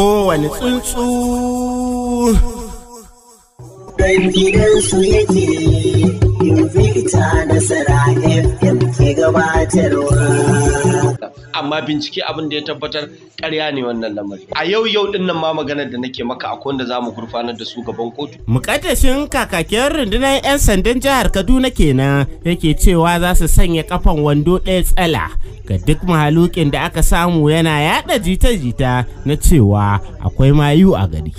kowane tsuntsu. Dan gidansu yake fifita nasara fm ke gabatarwa amma bincike abin da ya tabbatar ƙarya ne wannan lamari a yau yau din nan ma maganar da nake maka akwai wanda zamu gurfanar da su gaban kotu mukaddashin kakakin rundunar yan sandan jihar Kaduna kenan yake cewa za su sanya kafan wando ɗaya tsala ga duk mahalukin da aka samu yana yada jita-jita na cewa akwai mayu a gari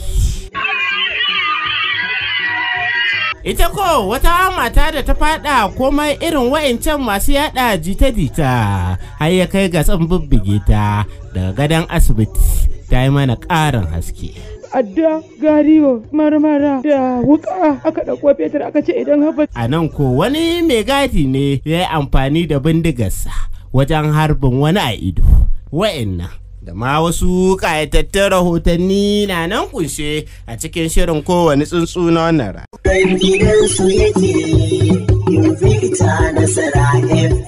ita ko wata mata da ta fada komai irin wa'incan masu yada jita-jita har ya kai ga tsan ta daga gadon asibiti ta yi mana ƙarin haske adda gariyo marmara da wuka aka ɗauko fetur aka ce idan haba a nan ko wani mai gadi ne ya yi amfani da bindigarsa wajen harbin wani a ido wa'annan da ma wasu ƙayatattun rahotanni na nan kunshe a cikin shirin kowane tsuntsu na wannan rana.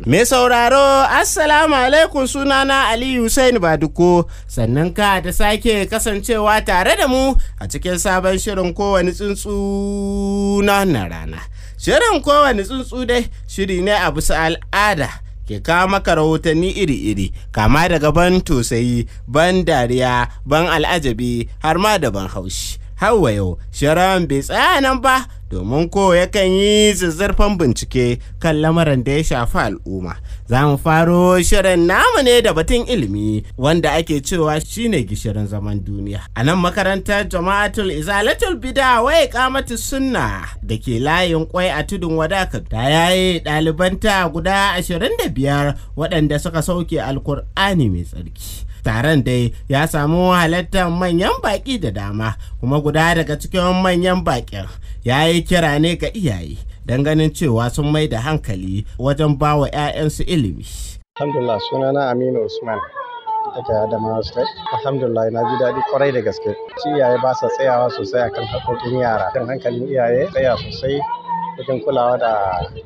Me sauraro, Assalamu alaikum sunana Ali Hussein Baduko, sannan ka ta sake kasancewa tare da mu a cikin sabon shirin kowane tsuntsu na wannan rana. Shirin kowane tsuntsu dai shiri ne a bisa al'ada. ke kawo maka rahotanni iri-iri kama daga ban tosayi ban dariya ban al'ajabi har ma da ban haushi hawa yau sharan bai tsaya nan ba domin ko yakan yi zazzarfan bincike kan lamarin da ya shafi al'umma za mu faro shirin namu ne da batun ilimi wanda ake cewa shine gishirin zaman duniya a nan makarantar jama'atul izalatul bida wai kamatu sunna da ke layin kwai a tudun wadaka ta yayi ɗalibanta guda biyar waɗanda suka sauke alkur'ani mai tsarki taron dai ya samu halartar manyan baƙi da dama kuma guda daga cikin manyan baƙin ya yi kira ne ga iyaye don ganin cewa sun mai da hankali wajen ba wa 'ya'yansu ilimi. Alhamdulillah sunana Aminu Usman daga Adamawa State. Alhamdulillah na ji daɗi kwarai da gaske. Shi iyaye ba sa tsayawa sosai akan haƙoƙin yara. Kan hankalin iyaye tsaya sosai wajen kulawa da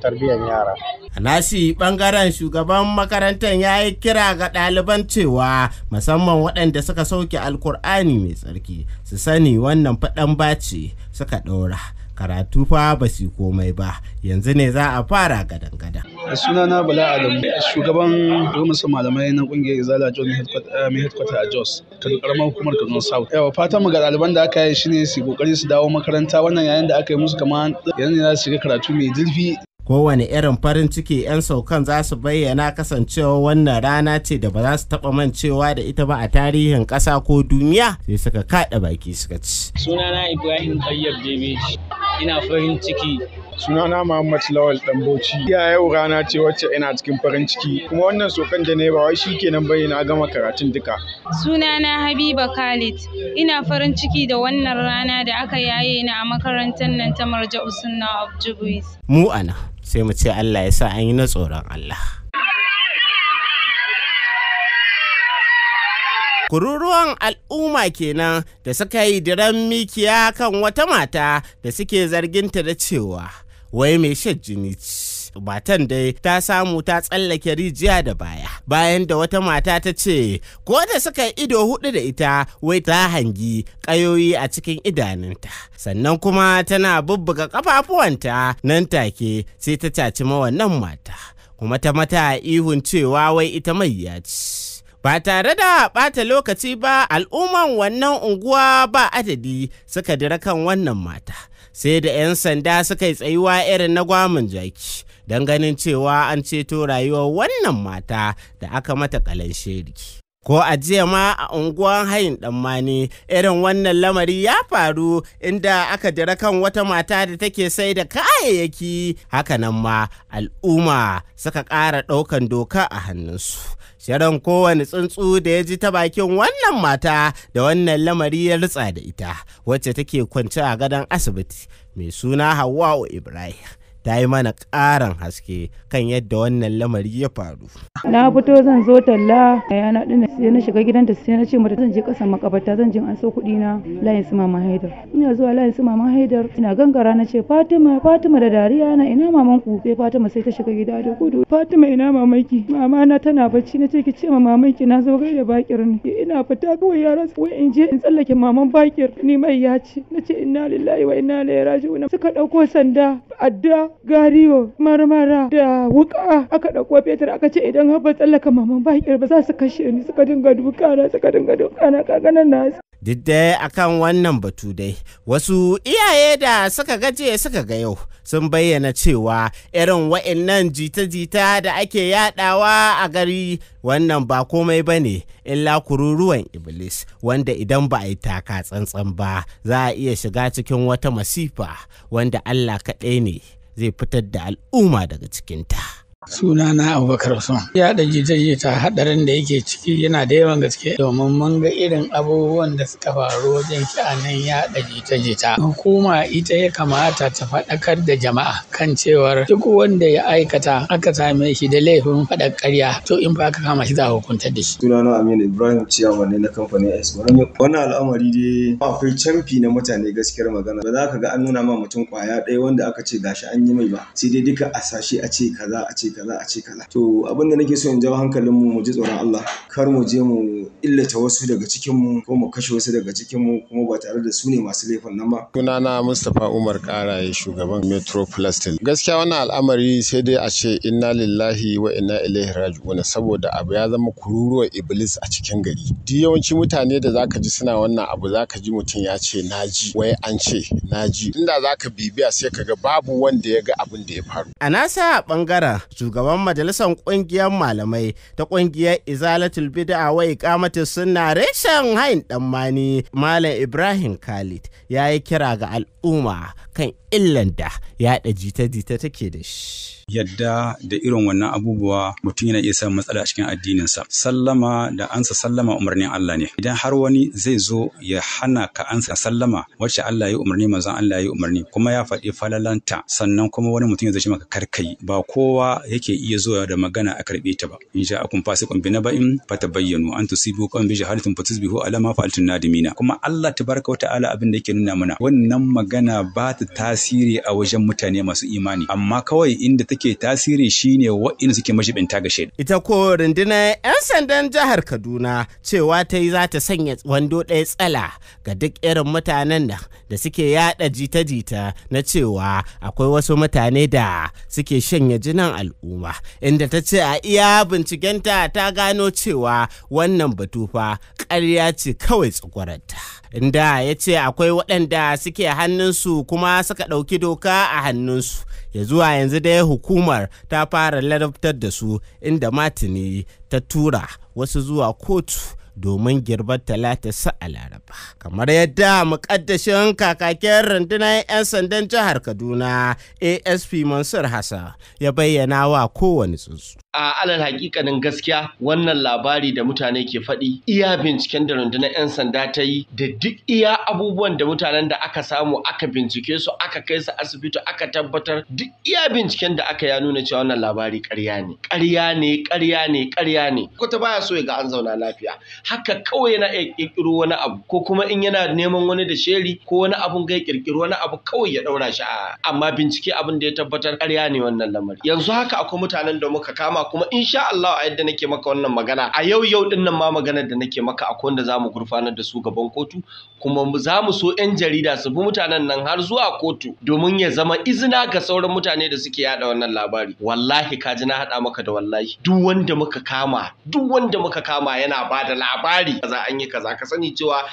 tarbiyyar yara. A nasi ɓangaren shugaban makarantar ya yi kira ga ɗaliban cewa musamman waɗanda suka sauke alkur'ani mai tsarki su sani wannan faɗan bace suka ɗora karatu fa ba su komai ba yanzu ne za a fara gadan gadan a sunana bala adam shugaban gwamnatin malamai na kungiyar izala john eh, mai headquarter a jos ta karamar hukumar kano south yawa fatan mu ga ɗaliban da aka yi shine su kokari su dawo makaranta wannan yayin da aka yi musu kamar yanzu za su shiga karatu mai zurfi kowane irin farin ciki 'yan saukan za su bayyana kasancewa wannan rana ce da ba za su taba mancewa da ita ba a tarihin ƙasa ko duniya sai suka kaɗa baki suka ci sunana ibrahim bayyar demeji ina farin ciki sunana Muhammad Lawal dan Bauchi ya yau rana ce wacce ina cikin farin ciki kuma wannan sokan da ne ba wai shikenan bane na gama karatun duka sunana Habiba Khalid ina farin ciki da wannan rana da aka yaye ni a makarantar nan ta Marja Usunna of Jubuis mu ana sai mu ce Allah ya sa an yi na tsoron Allah kururuwan al'umma kenan da suka yi diran mikiya kan wata mata da suke zarginta da cewa wai mai shan jini Matan dai ta samu ta tsallake rijiya da baya bayan da wata mata ta ce ko da suka yi ido hudu da ita wai ta hangi kayoyi a cikin idanunta sannan kuma tana bubbuga kafafuwanta nan take sai ta caci mawannan mata kuma ta mata ihun cewa wai ita mai ya ci ba tare da ɓata lokaci ba al'umman wannan unguwa ba adadi suka dira kan wannan mata sai da 'yan sanda suka yi tsayuwa irin na gwamin jaki don ganin cewa an ceto rayuwar wannan mata da aka mata kalan shirki. Ko a jiya ma a unguwan hayin ɗanmani irin wannan lamari ya faru inda aka jira kan wata mata da take sai da kayayyaki hakanan ma al'umma suka ƙara ɗaukan doka a hannunsu. Sharon kowane tsuntsu da ya ji ta bakin wannan mata da wannan lamari ya rutsa da ita wacce take kwance a gadon asibiti mai suna Hawwa'u Ibrahim. ta yi mana ƙarin haske kan yadda wannan lamari ya faru. Na fito zan zo talla yana ɗin sai na shiga gidan da sai na ce mata zan je ƙasan makabarta zan je an so kuɗi na layin su mama Haidar. Ina zuwa layin su mama Haidar ina gangara na ce Fatima Fatima da dariya na ina maman ku sai Fatima sai ta shiga gida da gudu Fatima ina maman ki? mama na tana bacci na ce ki ce ma maman ki na zo da bakir ni eh, ina fita kawai yara wai in je in tsallake maman bakir ni mai ya ce na ce inna lillahi wa inna ilaihi raji'un suka ɗauko sanda adda gariyo marmara da wuka aka ɗauko fetur aka ce idan har ba tsallaka maman bakir ba za su kashe ni suka dinga duka na suka dinga duka dukana kaganan nasu duk dai akan wannan batu dai wasu iyaye da suka gaje suka ga yau sun bayyana cewa irin wa'annan jita-jita da ake yadawa a gari wannan ba komai ba ne illa kururuwan iblis wanda idan ba a yi taka tsantsan ba za a iya shiga cikin wata masifa wanda allah kaɗai ne zai fitar da al'umma daga cikinta. sunana abubakar sun. ya da jita-jita hadarin da yake ciki yana da yawan gaske domin mun ga irin abubuwan da suka faru wajen sha'anin ya da jita-jita hukuma ita ya kamata ta faɗakar da jama'a kan cewar duk wanda ya aikata aka same shi da laifin faɗa ƙarya to in ba ka kama shi za a hukuntar da shi sunana aminu ibrahim ciyawa ne na kamfanin S. wannan al'amari dai akwai camfi na mutane gaskiyar magana ba za ka ga an nuna ma mutum kwaya ɗaya wanda aka ce gashi an yi mai ba sai dai duka a sashe a ce kaza a ce kaza a ce kaza to abinda nake so in jawo hankalin mu mu ji tsoron Allah kar mu je mu illata wasu daga cikin mu ko mu kashe wasu daga cikin mu kuma ba tare da su ne masu laifin nan ba sunana Mustapha Umar Karaye shugaban Metro Plastil gaskiya wannan al'amari sai dai a ce inna lillahi wa inna ilaihi raji'un saboda abu ya zama kururuwar iblis a cikin gari duk yawanci mutane da zaka ji suna wannan abu zaka ji mutum ya ce naji wai an ce naji inda zaka bibiya sai kaga babu wanda ya ga abin da ya faru a nasa su shugaban majalisar kungiyar malamai ta kungiyar izalatul bid'a wa iqamati sunna reshen hain dammani malam ibrahim khalid ya yi kira ga al'umma kan illan da yaɗa jita-jita take da shi yadda da irin wannan abubuwa mutum yana iya samun matsala a cikin addininsa sallama da ansa sallama umarnin Allah ne idan har wani zai zo ya hana ka ansa sallama wacce Allah ya umarni manzon Allah ya umarni kuma ya faɗi falalanta sannan kuma wani mutum ya zo shi maka karkai ba kowa yake iya zuwa da magana a karbe ta ba in sha akun fasikun bi naba'in fatabayyanu an tusibu qawmin bi jahalatin fatusbihu ala ma fa'altun nadimina kuma Allah tabaraka wa ta'ala abin da yake nuna mana wannan magana ba ta tasiri a wajen mutane masu imani amma kawai inda take tasiri shine wa'in suke majibinta ga shaida ita ko rundunar 'yan sandan jihar Kaduna cewa ta yi za ta sanya wando ɗaya tsala ga duk irin mutanen da suke yada jita-jita na cewa akwai wasu mutane da suke shanya jinan al'umma al'umma inda ta ce a iya bincikenta ta gano cewa wannan batu fa ƙarya ce kawai tsakwararta inda ya ce akwai waɗanda suke hannunsu kuma suka ɗauki doka a hannunsu ya zuwa yanzu dai hukumar ta fara larabtar da su inda Martini ta tura wasu zuwa kotu domin girbar talatasa a laraba kamar yadda mukaddashin kakakin rundunar 'yan sandan jihar kaduna asp mansur hassan ya bayyana wa kowane tsuntsu a alal hakikanin gaskiya wannan labari da mutane ke faɗi iya binciken da rundunar 'yan sanda ta yi da duk iya abubuwan da mutanen da aka samu aka bincike su aka kai su asibiti aka tabbatar duk iya binciken da aka ya nuna cewa wannan labari ƙarya ne ƙarya ne ƙarya ne ƙarya ne ta baya so ya ga an zauna lafiya haka kawai yana iya ƙirƙiro wani abu ko kuma in yana neman wani da sheri ko wani abun ga ya ƙirƙiro wani abu kawai ya ɗaura shi a amma bincike abin da ya tabbatar ƙarya ne wannan lamari yanzu haka akwai mutanen da muka kama kuma insha Allah a yadda nake maka wannan magana a yau yau din nan ma maganar da nake maka akwai wanda zamu gurfanar da su gaban kotu kuma za mu so 'yan jarida su bi mutanen nan har zuwa kotu domin ya zama izina ga sauran mutane da suke yada wannan labari wallahi ka ji na haɗa maka da wallahi duk wanda muka kama duk wanda muka kama yana ba da labari kaza an yi kaza ka sani cewa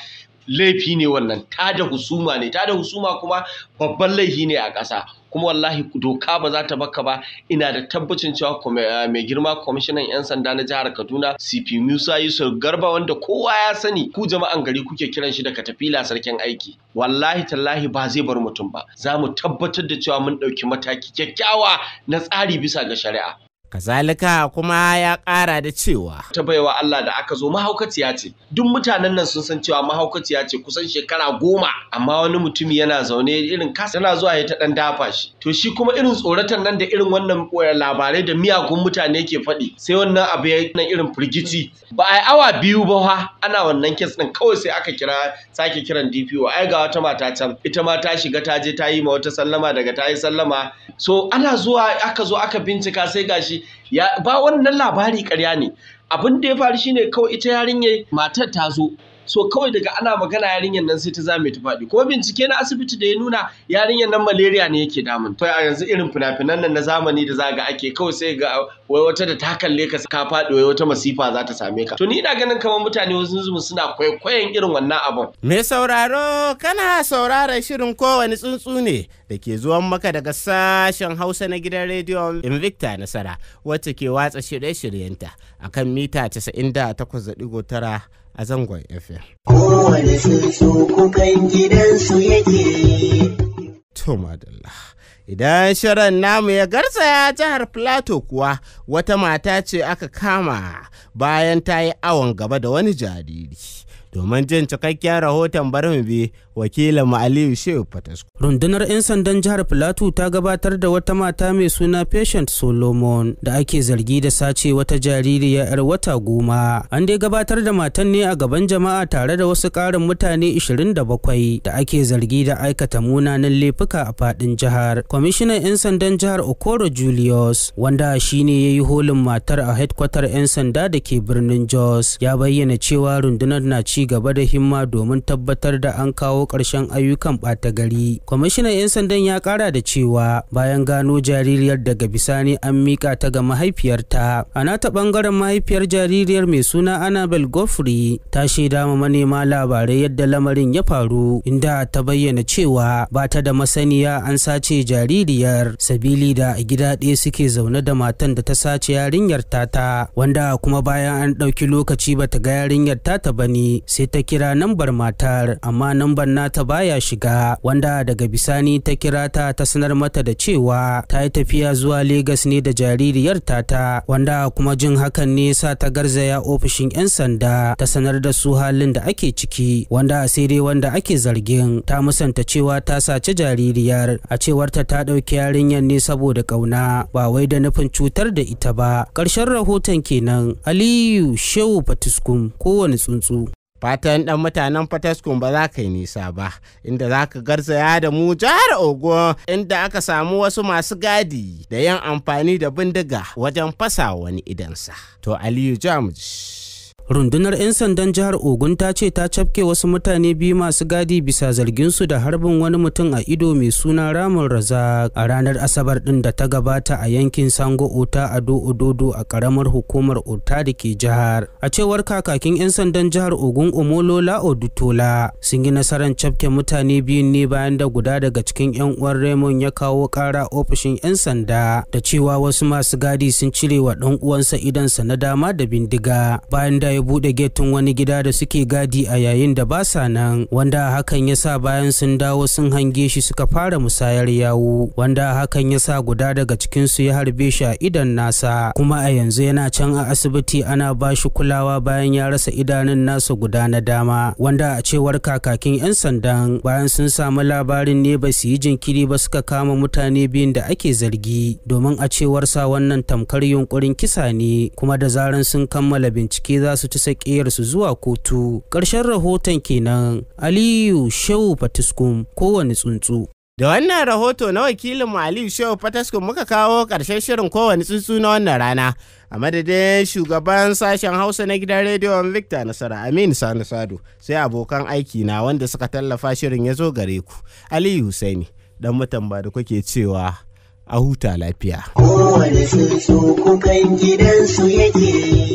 laifi ne wannan ta da husuma ne ta da husuma kuma babban laifi ne a ƙasa kuma wallahi doka ba za ta baka ba ina da tabbacin cewa eh, mai girma kwamishinan 'yan sanda na jihar kaduna cp musa yusuf garba wanda kowa ya sani ku jama'an gari kuke kiran shi da tafila sarkin aiki wallahi tallahi ba zai bar mutum ba za mu tabbatar da cewa mun ɗauki mataki kyakkyawa na tsari bisa ga shari'a Kazalika kuma ya ƙara da cewa. Ta baiwa Allah da aka zo mahaukaciya ce. Duk mutanen nan sun san cewa mahaukaciya ce kusan shekara goma. Amma wani mutumi yana zaune irin kasa yana zuwa ya ta ɗan dafa shi. To shi kuma irin tsoratan nan da irin wannan labarai da miyagun mutane ke faɗi. Sai wannan abu ya nan irin firgici. Ba a yi awa biyu ba fa ana wannan kes ɗin kawai sai aka kira sake kiran DPO. Ai ga wata mata can. Ita ma ta shiga ta je ta yi ma wata sallama daga ta yi sallama. So ana zuwa aka zo aka bincika sai gashi ya ba wannan labari karya ne abin da ya faru shine kawai ita yarinyar matar ta zo so kawai daga ana magana yarinyar nan sai ta zame ta faɗi kuma bincike na asibiti da ya nuna yarinyar nan malaria ne yake damun to a yanzu irin fina-finan nan na zamani da za ga ake kawai sai ga wai wata da ta kalle ka ka faɗi wai wata masifa za ta same ka to ni ina ganin kamar mutane wasu zumu suna kwaikwayon irin wannan abun me sauraro kana sauraron shirin kowane tsuntsu ne da ke zuwan maka daga sashen hausa na gidan rediyon invicta nasara wacce ke watsa shirye-shiryenta akan mita 98.9 a zangon FM. gidansu yake. To Idan shirin namu ya garzaya jihar Plateau kuwa wata mata ce aka kama bayan ta yi awon gaba da wani jariri. Domin jin cikakkiyar rahoton barin bi wakila ma'aliyu Shehu Fatasku. Rundunar 'yan sandan jihar Filato ta gabatar da wata mata mai suna Patient Solomon da ake zargi da sace wata jaririya 'yar wata goma. An dai gabatar da matan ne a gaban jama'a tare da wasu ƙarin mutane 27 da ake zargi da aikata munanan laifuka a fadin jihar. Kwamishinan 'yan sandan jihar Okoro Julius wanda shine ya yi holin matar a hedkwatar 'yan sanda da ke birnin Jos ya bayyana cewa rundunar na ci gaba da himma domin tabbatar da an kawo karshen ƙarshen ayyukan ɓata gari kwamishinan 'yan sandan ya ƙara da cewa bayan gano jaririyar daga bisani an miƙa ta ga mahaifiyarta a nata ɓangaren mahaifiyar jaririyar mai suna annabel goffrey ta shaida ma manema labarai yadda lamarin ya faru inda ta bayyana cewa ba ta da masaniya an sace jaririyar sabili da a gida ɗaya suke zaune da matan da ta sace yarinyar tata wanda kuma bayan an ɗauki lokaci ba ta ga yarinyar tata ba ne sai ta kira nambar matar amma nambar nata baya shiga wanda daga bisani ta kira ta ta sanar mata da cewa ta yi tafiya zuwa Legas ne da jaririyar ta. wanda kuma jin hakan ne sa ta garzaya ofishin 'yan sanda ta sanar da su halin da ake ciki wanda sai dai wanda ake zargin ta musanta cewa ta sace jaririyar a cewarta ta ɗauki yarinyar ne saboda ƙauna ba wai da nufin cutar da ita ba ƙarshen rahoton kenan Aliyu Shehu Fatiskum kowane tsuntsu. fatan 'ɗan mutanen fataskun ba za ka yi nisa ba inda za ka garzaya da mu jihar ogun inda aka samu wasu masu gadi da yin amfani da bindiga wajen fasa wani idansa to aliyu jamus rundunar 'yan sandan jihar ogun ta ce ta cafke wasu mutane biyu masu gadi bisa zargin su da harbin wani mutum a ido mai suna ramin raza a ranar asabar ɗin da ta gabata a yankin sango ota a ododo a karamar hukumar ota da ke jihar a cewar kakakin 'yan sandan jihar ogun omolola odutola sun yi nasarar cafke mutane biyu ne bayan da guda daga cikin 'yan uwan raymond ya kawo kara ofishin 'yan sanda da cewa wasu masu gadi sun cire wa ɗan uwansa idansa na dama da bindiga bayan da ya buɗe getin wani gida da suke gadi a yayin da ba sa nan wanda hakan ya sa bayan sun dawo sun hange shi suka fara musayar yawo wanda hakan ya sa guda daga cikinsu ya harbe shi a idan nasa kuma a yanzu yana can a asibiti ana ba shi kulawa bayan ya rasa idanun nasa guda na dama wanda a cewar kakakin 'yan sandan bayan sun samu labarin ne ba su yi jinkiri ba suka kama mutane biyun da ake zargi domin a cewar sa wannan tamkar yunkurin kisa ne kuma da zaran sun kammala bincike za su ta su zuwa kotu ƙarshen rahoton kenan aliyu shehu fatiskum kowane tsuntsu Da wannan rahoto na wakilinmu Aliyu Shehu fatiskum muka kawo ƙarshen shirin kowane tsuntsu na wannan rana a madadin shugaban sashen Hausa na gidan rediyon Victor Nasara Aminu Sani Sado sai abokan aiki na wanda suka tallafa shirin ya zo gare ku. Aliyu Husaini dan mutan ba da kuke cewa a huta lafiya. Kowane tsuntsu kukan gidansu yake